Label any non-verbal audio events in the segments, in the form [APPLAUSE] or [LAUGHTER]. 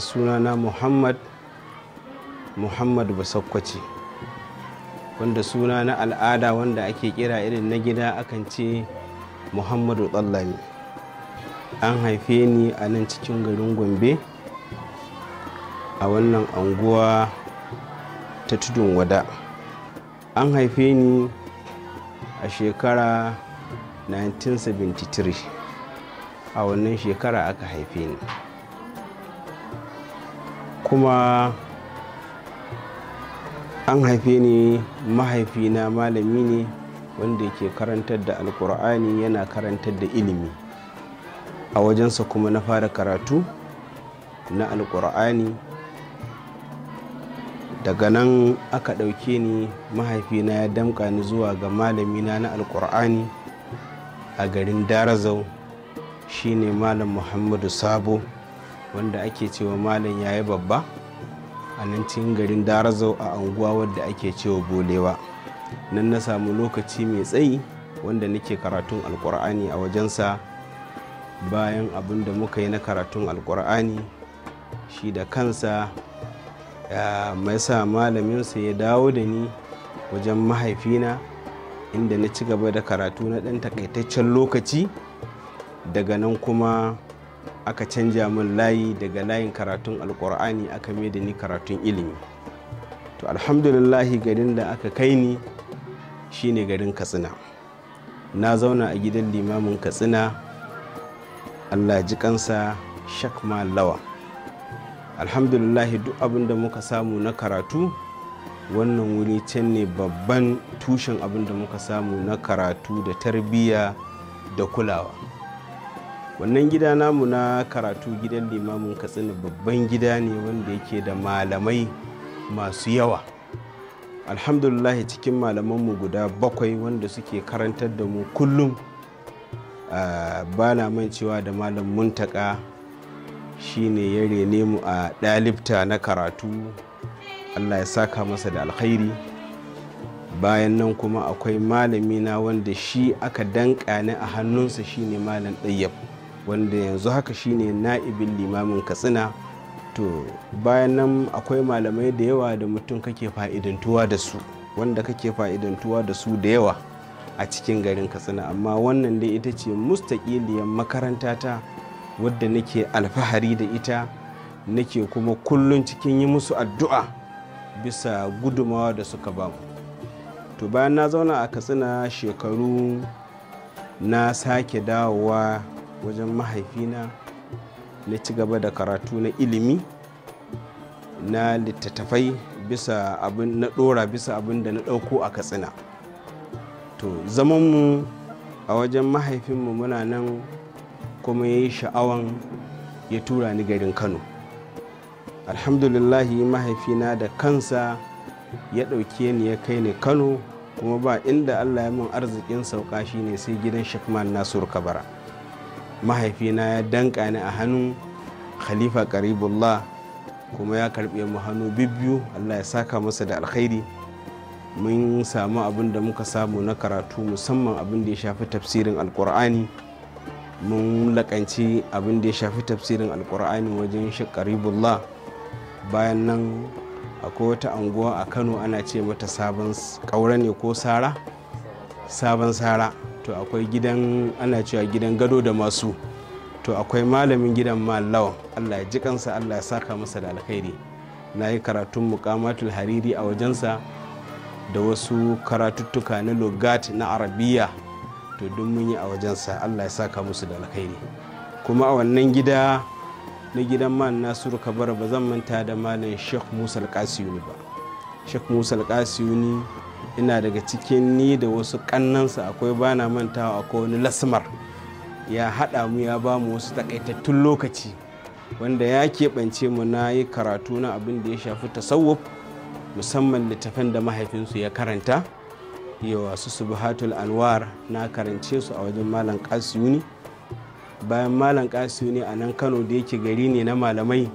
sunana muhammad muhammad basakwaci wanda suna na al'ada wanda ake kira irin na gida akan ce muhammadu tsallami an haife ni a nan cikin garin gombe a wannan anguwa ta tudun wada an haife ni a shekara 1973 a wannan shekara aka haife ni kuma an haife ni mahaifina malami ne wanda ke karantar da alkur'ani yana karantar da ilimi a wajensa kuma na fara karatu na alkur'ani daga nan aka ɗauke ni mahaifina ya damƙa ni zuwa ga malamina na alkur'ani a garin darazau shine malam muhammadu sabo wanda ake cewa malam yayi babba a nan cikin garin darazau a anguwa wadda ake cewa bolewa nan na samu lokaci mai tsayi wanda nake karatun alkur'ani a wajensa bayan abin da muka yi na karatun alkur'ani shi da kansa mai sa malaminsa ya dawo da ni wajen mahaifina inda na ci gaba da karatu na ɗan takaitaccen lokaci daga nan kuma aka canja min layi daga layin karatun alkur'ani aka mai da ni karatun ilimi to alhamdulillahi garin da aka kai ni shine garin katsina na zauna a gidan limamin katsina allah ji kansa shakma lawa alhamdulillahi duk abin da muka samu na karatu wannan wuri can ne babban tushen abin da muka samu na karatu da tarbiyya da kulawa wannan gida namu na karatu gidan limamin katsina babban gida ne wanda yake da malamai masu yawa alhamdulillah cikin mu guda bakwai wanda suke karantar da mu kullum ah, ba na man cewa da malam muntaka shine ya rene mu a dalibta na karatu allah ya saka masa da alkhairi bayan nan kuma akwai malamina wanda shi aka danka ne a hannunsa shine malam ɗayyab wanda yanzu haka shine na'ibin limamin katsina to bayan nan akwai malamai da yawa da mutum kake fa'idantuwa da su wanda kake fa'idantuwa da su da yawa a cikin garin katsina amma wannan dai ita ce mustaƙiliyar makaranta ta wadda nake alfahari da ita nake kuma kullum cikin yi musu addu'a bisa gudumawa da suka bamu to bayan na zauna a katsina shekaru na sake dawowa wajen mahaifina na ci gaba da karatu na ilimi na littattafai bisa abin na ɗora bisa abin da na ɗauko a katsina to zamanmu a wajen mahaifinmu muna nan kuma ya yi sha'awan ya tura ni garin kano alhamdulillahi mahaifina da kansa ya ɗauke ni ya kai ni kano kuma ba inda allah ya min arzikin sauka shine sai gidan shakman nasiru kabara mahaifina ya danka ni a hannun khalifa karibullah kuma ya karbe mu hannu bibbiyu allah ya saka masa da alkhairi mun samu abin da muka samu na karatu musamman abin da ya shafi tafsirin alkur'ani mun lakanci abin da ya shafi tafsirin alkur'ani wajen karibullah bayan nan akwai wata anguwa a kano ana ce mata sabon ƙaura ne ko sara sabon sara to akwai gidan ana cewa gidan gado da masu to akwai malamin gidan malawan allah ya ji kansa allah ya saka masa da alkhairi na yi karatun mukamatul hariri a wajensa da wasu karatuttuka na logat na arabiya to duk mun yi a wajensa allah ya saka musu da alkhairi kuma a wannan gida na gidan man nasiru kabara ba zan manta da malam sheikh musa alkasiyuni ba sheikh musa alkasiyuni ina daga cikin ni da wasu kannansa akwai bana mantawa akwai wani lasmar ya haɗa mu ya ba mu wasu takaitattun lokaci wanda ya keɓance mu na yi karatu na abin da ya shafi tasawuf musamman littafin da mahaifinsu ya karanta yawa wasu subhatul anwar na karance su a wajen malam kasiyuni bayan malam kasiyuni a nan kano da yake gari ne na malamai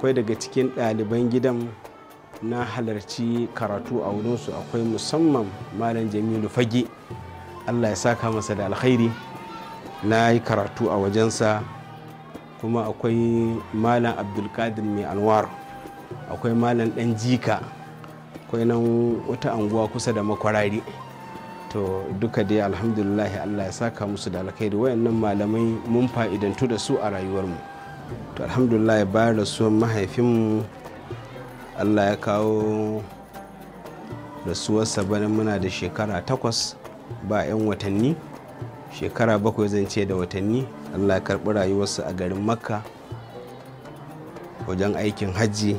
kwai daga cikin ɗaliban gidan na halarci karatu a wurinsu akwai musamman malam jamilu fage allah ya saka masa da alkhairi na yi karatu a wajensa kuma akwai malam abdulkadir mai alwar akwai malam dan jika akwai nan wata anguwa kusa da makwarari to duka dai alhamdulillah allah ya saka musu da alkhairi wayannan malamai mun fa'idantu da su a rayuwarmu to alhamdulillah bayar da su mahaifinmu allah ya kawo rasuwarsa bana muna da shekara takwas ba 'yan watanni shekara bakwai zan ce da watanni allah ya karɓi rayuwarsa a garin makka wajen aikin hajji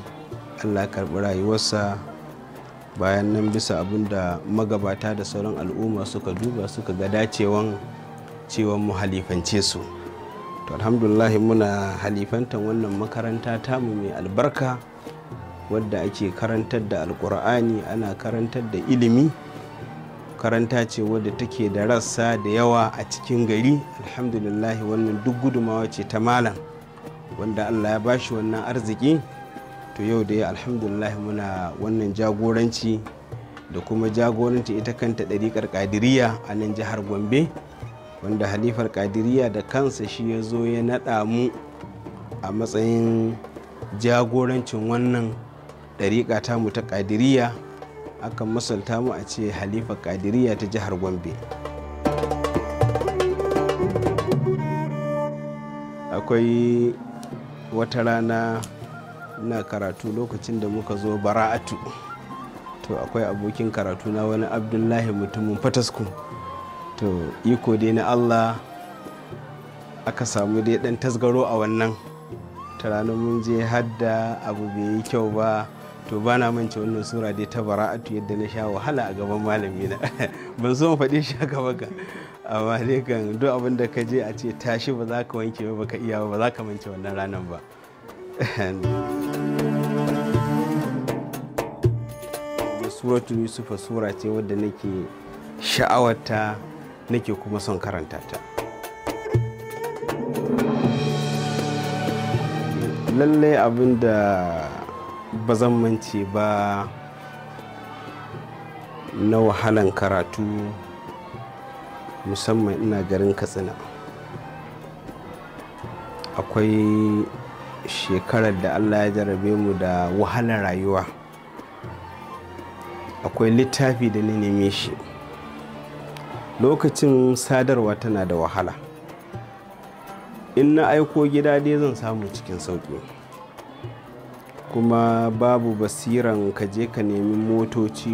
allah ya karɓi rayuwarsa bayan nan bisa abin da magabata da sauran al'umma suka duba suka ga dacewan cewa mu halifance su to alhamdulahi muna halifantan wannan makaranta tamu mai albarka wadda ake karantar da alkur'ani ana karantar da ilimi karanta ce wadda take da rassa da yawa a cikin gari alhamdulillah wannan duk gudumawa ce ta malam wanda allah ya bashi wannan arziki to yau da alhamdulillah muna wannan jagoranci da kuma jagoranci ita kanta ɗariƙar ƙadiriya a nan jihar gombe wanda halifar ƙadiriya da kansa shi ya zo ya naɗa mu a matsayin jagorancin wannan ɗariƙa tamu ta ƙadiriya akan masalta mu a ce halifa ƙadiriya ta jihar gombe akwai wata rana na karatu lokacin da muka zo bara'atu to akwai abokin karatu na wani abdullahi mutumin fatasku to iko dai na allah aka samu dai dan tasgaro a wannan ta ranar mun je hadda abu bai yi kyau ba to ba na mance wannan sura dai ta bara'atu yadda na sha wahala a gaban malami na [LAUGHS] ban so faɗi shi haka baka amma dai kan duk abin da ka je a ce tashi ba za ka wanke ba ka iya ba za ka mance wannan ranar ba [LAUGHS] suratu yusufa sura ce wadda nake sha'awarta nake kuma son karanta ta lallai abin da ba zan mance ba na wahalan karatu musamman ina garin katsina akwai shekarar da allah ya jarabe mu da wahalar rayuwa akwai littafi da na neme shi lokacin sadarwa tana da wahala in na aiko gida dai zan samu cikin sauƙi kuma babu basiran ka je ka nemi motoci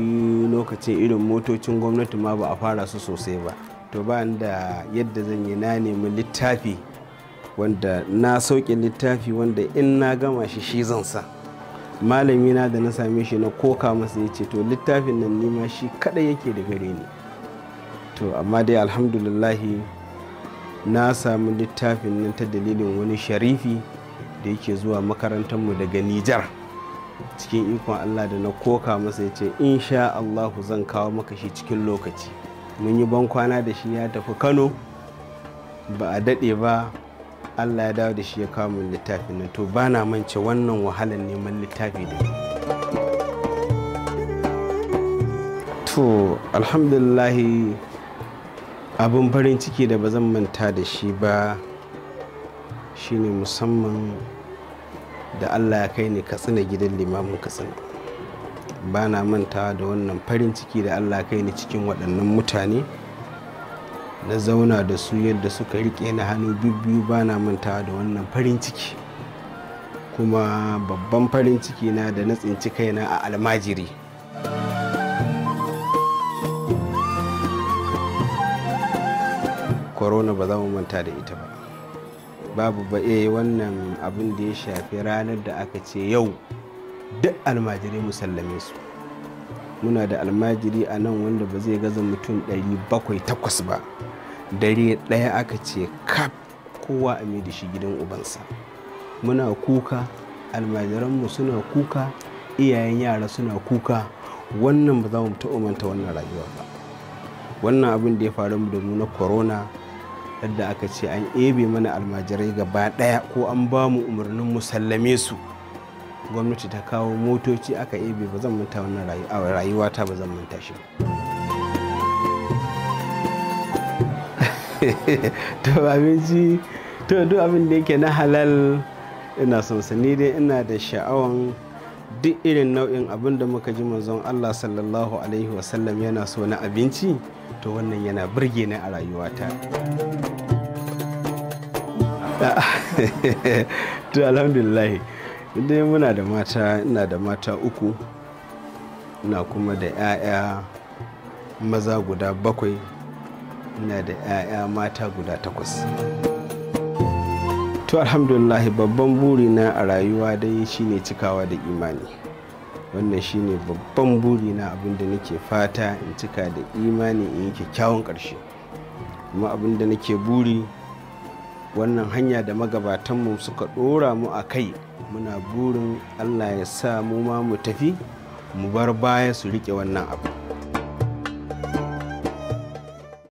lokacin irin motocin gwamnati ma ba a fara su sosai ba to ba da yadda zan yi na nemi littafi wanda na sauke littafi wanda in na gama shi shi zan sa malami na da na same shi na koka masa ya ce to littafin nan nima shi kaɗai yake da gare ni to amma dai alhamdulillahi na samu littafin nan ta dalilin wani sharifi da yake zuwa makarantarmu daga nijar cikin ikon allah da na koka masa ya ce insha allahu zan kawo maka shi cikin lokaci mun yi ban kwana da shi ya tafi kano ba a daɗe ba allah ya dawo da shi ya kawo min littafi na to ba na mance wannan wahalar neman littafi da to alhamdulillahi abin farin ciki da ba zan manta da shi ba shine musamman da allah ya kai ni katsina gidan limamin katsina ba na mantawa da wannan farin ciki da allah ya kai ni cikin waɗannan mutane na zauna da su yadda suka riƙe na hannu biyu ba na mantawa da wannan farin ciki kuma babban farin ciki na da na tsinci kaina a almajiri corona ba za mu manta da ita ba babu ba eh, wannan abin da ya shafi ranar da aka ce yau duk almajirai musallame su muna da almajiri a nan wanda ba zai gaza mutum 700 ba dare ɗaya aka ce kaf kowa a mai da shi gidan ubansa muna kuka almajiranmu suna kuka iyayen yara suna kuka wannan ba za mu ta umanta wannan rayuwa ba wannan abin da ya faru da mu na corona yadda aka ce an ebe mana almajirai gaba ɗaya ko an ba mu umarnin mu sallame su gwamnati ta kawo motoci aka ebe ba zan manta wannan rayuwa ta ba zan manta shi [LAUGHS] to abinci to duk abin da yake na halal ina son dai ina da sha'awan duk irin nau'in abin da muka ji manzon Allah sallallahu alaihi wasallam yana so na abinci to wannan yana birge ni a rayuwata [LAUGHS] to alhamdulillah dai muna da mata ina da mata uku ina kuma da 'ya'ya maza guda bakwai ina da 'ya'ya mata guda takwas to alhamdulillah babban burina a rayuwa dai shine cikawa da imani wannan shine babban buri na abin da nake fata in cika da imani in yi kyakkyawan ƙarshe kuma abin da nake buri wannan hanya da magabatanmu suka ɗora mu a kai muna burin allah ya sa mu ma mu tafi mu bar baya su riƙe wannan abu